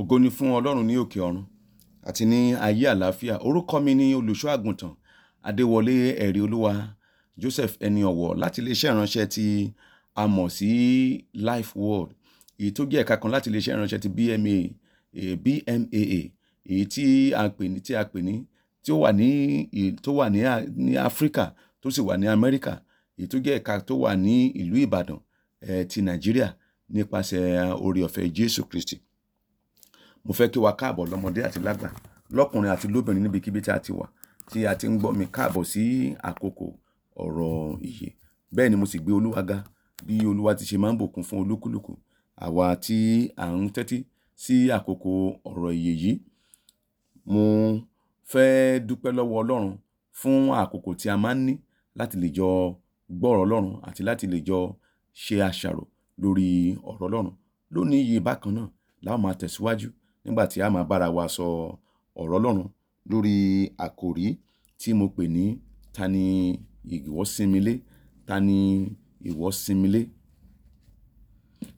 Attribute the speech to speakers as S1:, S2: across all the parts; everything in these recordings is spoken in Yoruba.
S1: ògo ni fún ọlọ́run ní òkè ọ̀run àti ní ayé àlàáfíà orúkọ mi ni olùṣọ́ àgùntàn adéwọlé ẹ̀rí olúwa joseph ẹni ọ̀wọ̀ láti iléeṣẹ́ ìránṣẹ́ ti a mọ̀ sí life world èyí tó jẹ́ ẹ̀ka kan láti iléeṣẹ́ ìránṣẹ́ ti bma e, bmaa èyí tí a pè ní tí a pè ní tí ó wà ní e, tó wà ní ní áfíríkà tó sì wà ní amẹ́ríkà èyí tó jẹ́ ẹ̀ka tó wà ní ìlú ìbàdàn e, ti nàìjíríà nípasẹ̀ oore ọ̀fẹ́ jésù kristi mo fẹ́ kí wa káàbọ̀ lọ́mọdé àti lágbà lọ́kùnrin àti lóbìnrin níbikíbi tí a ti wà tí a ti ń gbọ́ mi káàbọ̀ sí àkókò ọ̀rọ̀ ìyè bẹ́ẹ̀ ni mo sì gbé olúwa ga bí olúwa ti ṣe máa ń bùkún fún olúkúlùkù àwa tí à ń tẹ́tí sí àkókò ọ̀rọ̀ ìyè yìí mo fẹ́ dúpẹ́ lọ́wọ́ ọlọ́run fún àkókò tí a máa ń ní láti lè jọ gbọ́rọ̀ ọlọ́run àti láti lè jọ ṣe àṣàrò lórí ọ̀rọ̀ ọlọ́run lónìí yìí bákan náà la ó máa tẹ̀síwájú nígbà tí a máa bára wa sọ ọ̀rọ̀ Ọlọ́run lórí àkòrí tí mo pè ní ta ni ìwọ sinmi lé? Ta ni ìwọ sinmi lé?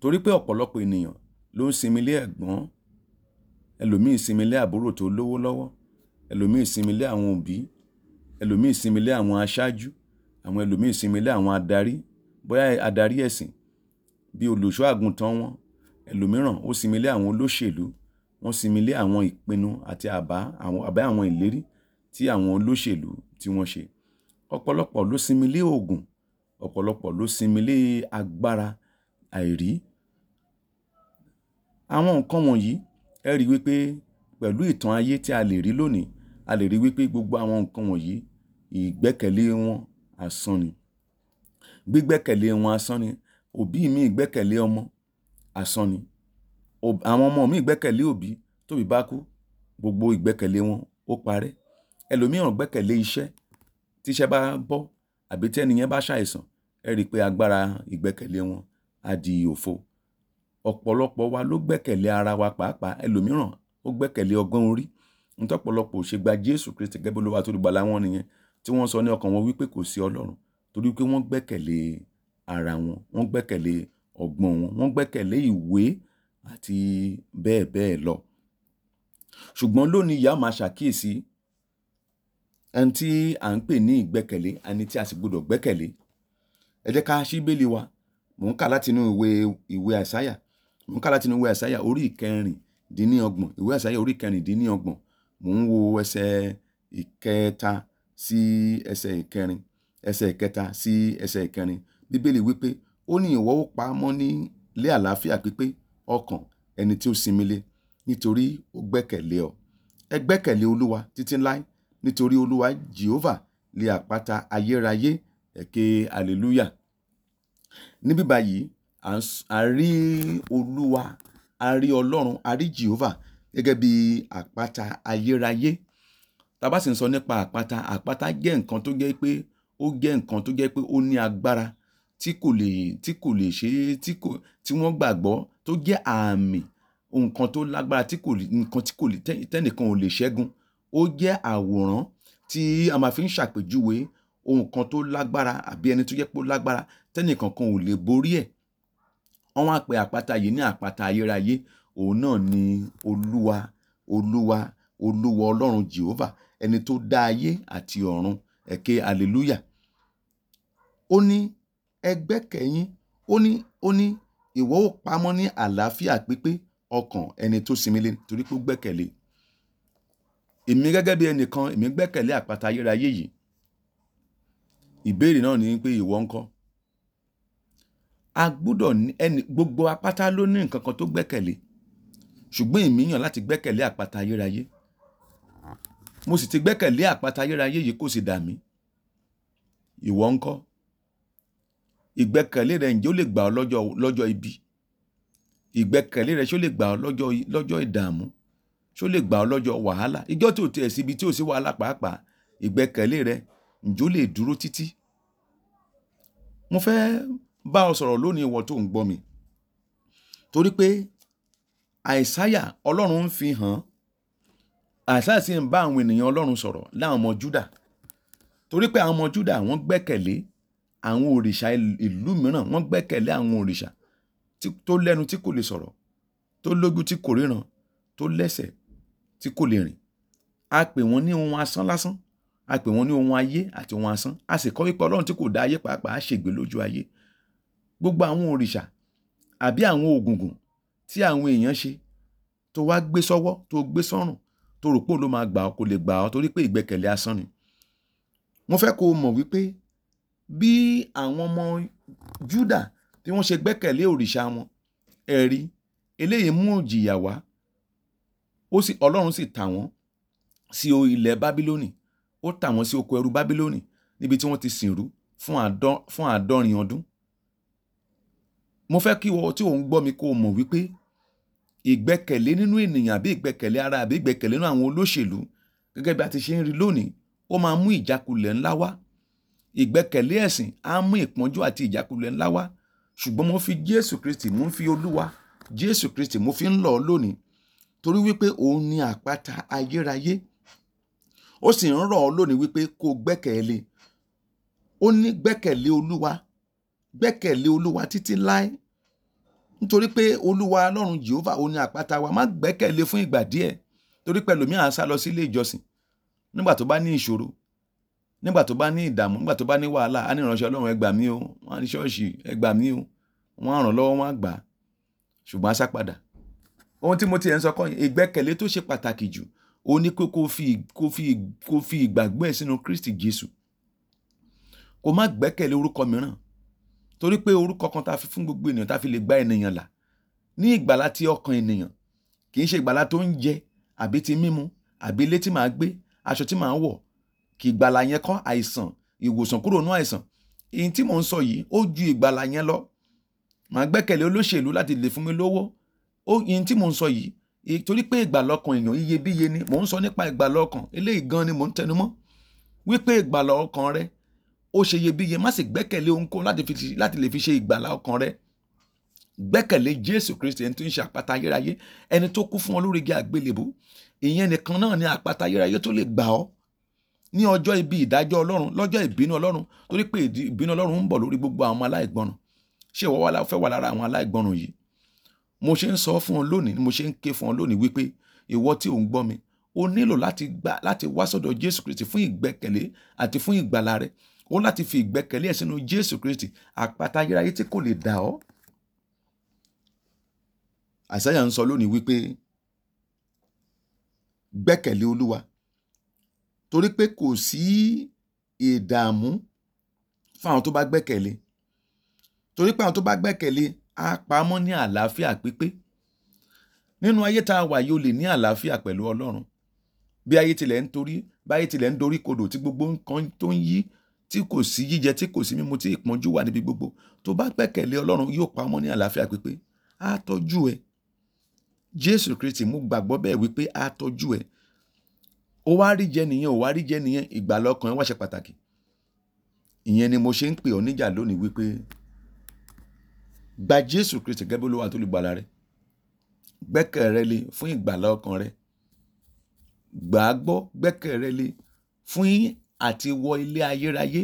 S1: Torí pé ọ̀pọ̀lọpọ̀ ènìyàn ló ń sinmi lé ẹ̀gbọ́n, ẹlòmíì sinmi lé àbúrò tó lówó lọ́wọ́, ẹlòmíì sinmi lé àwọn òbí, ẹlòmíì sinmi àwọn aṣáájú, àwọn ẹlòmíì sinmi àwọn adarí, bóyá adarí ẹ̀sìn bí olùṣọ́ àgùntàn wọn, ẹlòmíràn ó sinmi àwọn olóṣèlú, wọ́n sinmi lé àwọn ìpinnu àti àbá àwọn àbá àwọn ìlérí tí àwọn olóṣèlú tí wọ́n ṣe. Ọ̀pọ̀lọpọ̀ ló sinmi lé oògùn, ọ̀pọ̀lọpọ̀ ló sinmi lé agbára àìrí. Àwọn nǹkan wọ̀nyí ẹ rí i wípé pẹ̀lú ìtàn ayé tí a lè rí lónìí, a lè rí i wípé gbogbo àwọn nǹkan wọ̀nyí ìgbẹ́kẹ̀lé wọn asán ni. Gbígbẹ́kẹ̀lé wọn asán ni, òbí mi gbẹ́kẹ̀lé ọmọ asán ni àwọn ọmọ mi gbẹ́kẹ̀lé òbí tóbí bá kú gbogbo ìgbẹ́kẹ̀lé wọn ó parẹ́ ẹlòmíràn gbẹ́kẹ̀lé iṣẹ́ tí iṣẹ́ bá bọ́ àbí tí ẹnìyẹn bá ṣàìsàn ẹ rí i pé agbára ìgbẹ́kẹ̀lé wọn á di òfo ọ̀pọ̀lọpọ̀ wa ló gbẹ́kẹ̀lé ara wa pàápàá ẹlòmíràn ó gbẹ́kẹ̀lé ọgbọ́n orí nítọ́pọ̀lọpọ̀ ṣe gba Jésù Kristi gẹ́gẹ́ bí Olúwa tó dùgbà láwọn nìyẹn tí wọ́n sọ ní ọkàn wọn wípé kò sí Ọlọ́run torí pé wọ́n gbẹ́kẹ̀lé ara wọn wọ́n gbẹ́kẹ̀lé ọgbọ́n wọn wọ́n gbẹ́kẹ̀lé ìwé àti bẹ́ẹ̀ bẹ́ẹ̀ lọ. Ṣùgbọ́n lónìí yìí a máa ṣàkíyèsí ẹni tí à ń pè ní ìgbẹ́kẹ̀lé, ẹni tí a sì gbọdọ̀ gbẹ́kẹ̀lé. Ẹ jẹ́ ká ṣí Bíbélì wa. Mò ń kà láti inú ìwé, ìwé Àìsáyà. Mò ń kà láti inú ìwé Àìsáyà orí ìkẹrìndínlọ́gbọ̀n. Ìwé Àìsáyà orí ìkẹrìndínlọ́gbọ̀n. Mò ń wo ẹsẹ̀ ìkẹta sí ẹsẹ̀ ìkẹrin, ẹsẹ̀ ìkẹta sí ẹsẹ̀ ìkẹrin. Bíbélì wí "Ó ní ìwọ ó pa á mọ́ nílé àlàáfíà pípé, ọkàn ẹni tí ó sinmi lé nítorí ó gbẹ́kẹ̀lé ọ ẹ gbẹ́kẹ̀lé olúwa títí láí nítorí olúwa jehova lé àpáta ayérayé ẹ̀kẹ́ hallelúyà níbí báyìí a rí olúwa a rí ọlọ́run a rí jehova gẹ́gẹ́ bí àpáta ayérayé tá bá sì ń sọ nípa àpáta àpáta jẹ́ nǹkan tó jẹ́ pé ó jẹ́ nǹkan tó jẹ́ pé ó ní agbára tí kò lè tí kò lè ṣe é tí kò tí wọ́n gbàgbọ́ tó jẹ́ àmì nǹkan tó lágbára tí kò lè nǹkan tí kò lè tẹ́nìkan ò lè ṣẹ́gun ó jẹ́ àwòrán tí a máa fi ń ṣàpèjúwe ohun kan tó lágbára àbí ẹni tó jẹ́ pé ó lágbára tẹ́nìkan kan ò lè borí ẹ̀ wọ́n wá pe àpáta yìí ní àpáta ayérayé òun náà ni olúwa olúwa olúwa ọlọ́run jehova ẹni tó dá ayé àti ọ̀run ẹ̀kẹ́ hallelujah ó ní ẹgbẹ́kẹ̀yìn ó ní ó ní ìwọ ó pamọ́ ní àlàáfíà pípé ọkàn ẹni tó sinmi lé torí pé ó gbẹ́kẹ̀lé èmi gẹ́gẹ́ bí ẹnìkan èmi gbẹ́kẹ̀lé àpáta ayérayé yìí ìbéèrè náà ni pé ìwọ ńkọ́ a gbúdọ̀ ẹni gbogbo apáta ló ní nǹkan kan tó gbẹ́kẹ̀lé ṣùgbọ́n èmi yàn láti gbẹ́kẹ̀lé àpáta ayérayé mo sì ti gbẹ́kẹ̀lé àpáta ayérayé yìí kò sì dà mí ìwọ ńkọ́ ìgbẹ́kẹ̀lé rẹ ǹjẹ́ ó lè gbà ọ́ lọ́jọ́ lọ́jọ́ ibi ìgbẹ́kẹ̀lé rẹ ṣó lè gbà ọ́ lọ́jọ́ lọ́jọ́ ìdààmú ṣó lè gbà ọ́ lọ́jọ́ wàhálà ìjọ́ tí ò tiẹ̀ síbi tí ò sí wàhálà pàápàá ìgbẹ́kẹ̀lé rẹ ǹjẹ́ ó lè dúró títí. mo fẹ́ bá ọ sọ̀rọ̀ lónìí ìwọ tó ń gbọ́ mi torí pé àìsáyà ọlọ́run fi hàn àìsáyà sì ń bá àwọn ènìyàn ọlọ́run sọ̀rọ̀ láwọn ọmọ júdà torí pé àwọn ọmọ júdà wọ́n gbẹ́kẹ̀lé àwọn òrìṣà ìlú mìíràn wọ́n gbẹ́kẹ̀lé àwọn òrìṣà tó lẹ́nu tí kò lè sọ̀rọ̀ tó lójú tí kò ríran tó lẹ́sẹ̀ tí kò lè rìn a pè wọ́n ní ohun asán lásán a pè wọ́n ní ohun ayé àti ohun asán a sì kọ́ wípé ọlọ́run tí kò dá ayé pàápàá á ṣègbè lójú ayé gbogbo àwọn òrìṣà àbí àwọn ògùngùn tí àwọn èèyàn ṣe tó wá gbé sọ́wọ́ tó gbé sọ́rùn tó rò pé òun ló máa gbà ọ́ kò lè gbà ọ́ torí pé ìgbẹ́kẹ̀lé asán ni wọ́n fẹ́ kó o mọ̀ wípé bí àwọn ọmọ Júdà bí wọ́n ṣe gbẹ́kẹ̀lé òrìṣà wọn ẹ̀rí eléyìí mú ìjìyà wá ó sì Ọlọ́run sì tà wọ́n sí ilẹ̀ Bábílónì ó tà wọ́n sí oko ẹrú Bábílónì níbi tí wọ́n ti sìnrú fún àádọ́rin ọdún mo fẹ́ kí wọ́n tí òun gbọ́ mi kó o mọ̀ wípé ìgbẹ́kẹ̀lé nínú ènìyàn àbí ìgbẹ́kẹ̀lé ara àbí ìgbẹ́kẹ̀lé nínú àwọn olóṣèlú gẹ́gẹ́ bí a ti ṣe ń rí lónìí ó máa mú ìjákulẹ̀ ńlá wá ìgbẹ́kẹ̀lé ẹ̀sìn á mú ìpọ́njú àti ìjákulẹ̀ ńlá wá ṣùgbọ́n mo fi jésù kristi mo fi olúwa jésù kristi mo fi ń lọ̀ ọ́ lónìí torí wípé òun ni àpáta ayérayé ó sì ń rọ̀ ọ́ lónìí wípé kó gbẹ́kẹ̀lé ó ní gbẹ́kẹ̀lé olúwa gbẹ́kẹ̀lé olúwa títí láé nítorí pé olúwa ọlọ́run jehovah òun ni àpáta wa má gbẹ́kẹ̀lé fún ìgbà díẹ̀ torí pẹ̀lú mi à ń sá lọ sí ìjọsìn nígbà tó bá ní ìṣòro nígbà tó bá ní ìdààmú nígbà tó bá ní wàhálà á ní ìránṣẹ́ ọlọ́run ẹ gbà mí o wọ́n á ní ṣọ́ọ̀ṣì ẹ gbà mí o wọ́n á ràn lọ́wọ́ wọ́n á gbà á ṣùgbọ́n á sá padà ohun tí mo ti ẹ̀ ń sọ kọ́ ìgbẹ́kẹ̀lé tó ṣe pàtàkì jù ó ní kó kó fi ìgbàgbọ́ ẹ̀ sínú Kristi Jésù kó má gbẹ́kẹ̀lé orúkọ mìíràn torí pé orúkọ kan ta fi fún gbogbo ènìyàn ta fi lè gba ènìyàn là ní ìgbàlá tí ọkàn ènìyàn kì í ṣe ìgbàlá tó ń jẹ àbí ti mímu àbí ilé tí màá gbé aṣọ tí màá wọ̀ kí ìgbàlà yẹn kọ́ àìsàn ìwòsàn kúrò nú àìsàn èyí tí mò ń sọ yìí ó ju ìgbàlà yẹn lọ màá gbẹ́kẹ̀lé olóṣèlú láti lè fún mi lówó ó èyí tí mò ń sọ yìí torí pé ìgbàlà ọkàn èèyàn iyebíye ni mò ń sọ nípa ìgbàlà ọkàn eléyìí gan ni mò ń tẹnumọ́ wípé ìgbàlà ọkàn rẹ ó ṣe iyebíye má sì gbẹ́kẹ̀lé ohunkóhun láti lè fi ṣe ìgbàlà ọkàn rẹ gbẹ́kẹ̀lé jésù kristi ẹni tó ń ṣe àpáta ayérayé ẹni tó kú fún ọ lórí igi àgbélébù ìyẹn nìkan náà ni àpáta ayérayé tó lè gbà ọ́ ní ọjọ́ ibi ìdájọ́ ọlọ́run lọ́jọ́ ìbínú ọlọ́run torí pé ìbínú ọlọ́run ń bọ̀ lórí gbogbo àwọn aláìgbọràn ṣé ìwọ wá fẹ́ wà lára àwọn aláìgbọràn yìí mo ṣe ń sọ fún ọ lónìí mo ṣe ń ké fún ọ lónìí wípé ìwọ tí ò ń gbọ́ mi o nílò láti gbà láti wá sọ́dọ̀ jésù kristi fún ìgbẹ́kẹ̀lé àti fún ìgbàlà rẹ o láti fi ìgbẹ́kẹ̀lé ẹ̀ sínú jésù kristi àpáta ayérayé tí kò lè dà ọ́ àìsáyà ń sọ lónìí wípé gbẹ́kẹ̀lé olúwa torí pé kò sí ìdààmú fún àwọn tó bá gbẹ́kẹ̀lé torí pé àwọn tó bá gbẹ́kẹ̀lé á pamọ́ ní àlàáfíà pípé nínú ayé tá a wà yìí o lè ní àlàáfíà pẹ̀lú Ọlọ́run bí ayé tilẹ̀ ń torí bí ayé tilẹ̀ ń dorí kodò tí gbogbo nǹkan tó ń yí tí kò sí jíjẹ tí kò sí mímu tí ìpọ́njú wà níbi gbogbo tó bá gbẹ́kẹ̀lé Ọlọ́run yóò pamọ́ ní àlàáfíà pípé á tọ́jú ẹ Jésù Kristi mú gbàgbọ́ bẹ́ẹ̀ wípé á tọ́jú ẹ ó wá rí jẹ nìyẹn ó wá rí jẹ nìyẹn ìgbàlọ́kàn wá ṣe pàtàkì ìyẹn ni mo ṣe ń pè ọ níjà lónìí wípé gba Jésù Kristi gẹ́gẹ́ bí Olúwa tó lè gbàlà rẹ gbẹ́kẹ̀ rẹ lé fún ìgbàlọ́kàn rẹ gbà á gbọ́ gbẹ́kẹ̀ rẹ lé fún àti wọ ilé ayérayé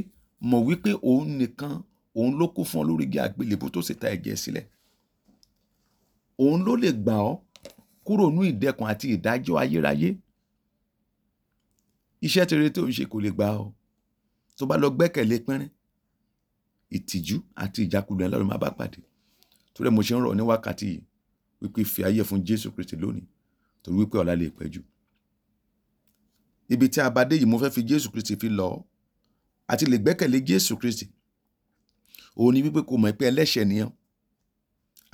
S1: mọ̀ wípé òun nìkan òun ló kú fún ọ lórí igi àgbélébùú tó sì ta ẹ̀jẹ̀ sílẹ̀ òun ló lè gbà ọ́ kúrò ní ìdẹkùn àti ìdájọ́ ayérayé iṣẹ́ tere tó ń ṣe kò lè gbà ọ́ tó bá lọ gbẹ́kẹ̀lé pínrín ìtìjú àti ìjákulẹ̀ lọ́rùn máa bá pàdé torí mo ṣe ń rọ̀ ní wákàtí yìí wípé fi ayé fún Jésù Kristi lónìí torí wípé ọ̀la lè pẹ́ jù ibi tí a bá dé yìí mo fẹ́ fi Jésù Kristi fi lọ àti lè gbẹ́kẹ̀lé Jésù Kristi òun ni wípé kò mọ̀ pé ẹlẹ́ṣẹ̀ nìyẹn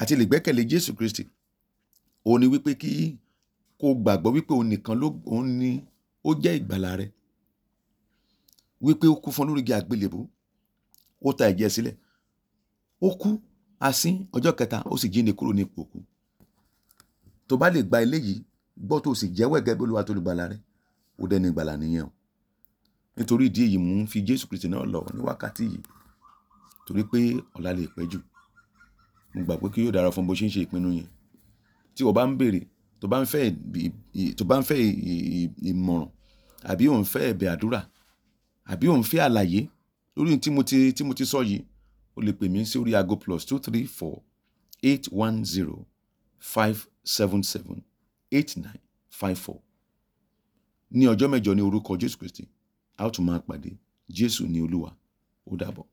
S1: àti lè gbẹ́kẹ̀lé Jésù Kristi òun ni wípé kí kò gbàgbọ́ wípé òun nìkan ló òun ni ó jẹ́ ìgbàlà rẹ wípé ó kú fún lórí igi àgbélébó ó ta ẹ̀jẹ̀ sílẹ̀ ó kú asín ọjọ́ kẹta ó sì jíǹde kúrò ní ipò òkú tó bá lè gba eléyìí gbọ́ tó sì jẹ́wọ́ ẹ̀gẹ́ bí olúwa tó lè gbàlà rẹ ó dẹ́ni ìgbàlà nìyẹn o nítorí ìdí èyí mò ń fi jésù kristi náà lọ ní wákàtí yìí torí pé ọ̀la lè pẹ́ jù mo gbà pé kí yóò dára fún bó ṣe ń ṣe ìpinnu yẹn tí wọ́n bá ń béèrè tó bá ń fẹ́ tó bá ń fẹ́ ìmọ̀ràn àbí òun fẹ́ ẹ̀bẹ̀ àdúrà àbí òun fẹ́ àlàyé lórí tí mo ti tí mo ti sọ yìí o lè pè mí sí orí aago plus two three four eight one zero five seven seven eight nine five four ní ọjọ́ mẹ́jọ ní orúkọ Jésù Kristi a ó tún máa pàdé Jésù ní Olúwa ó dàbọ̀.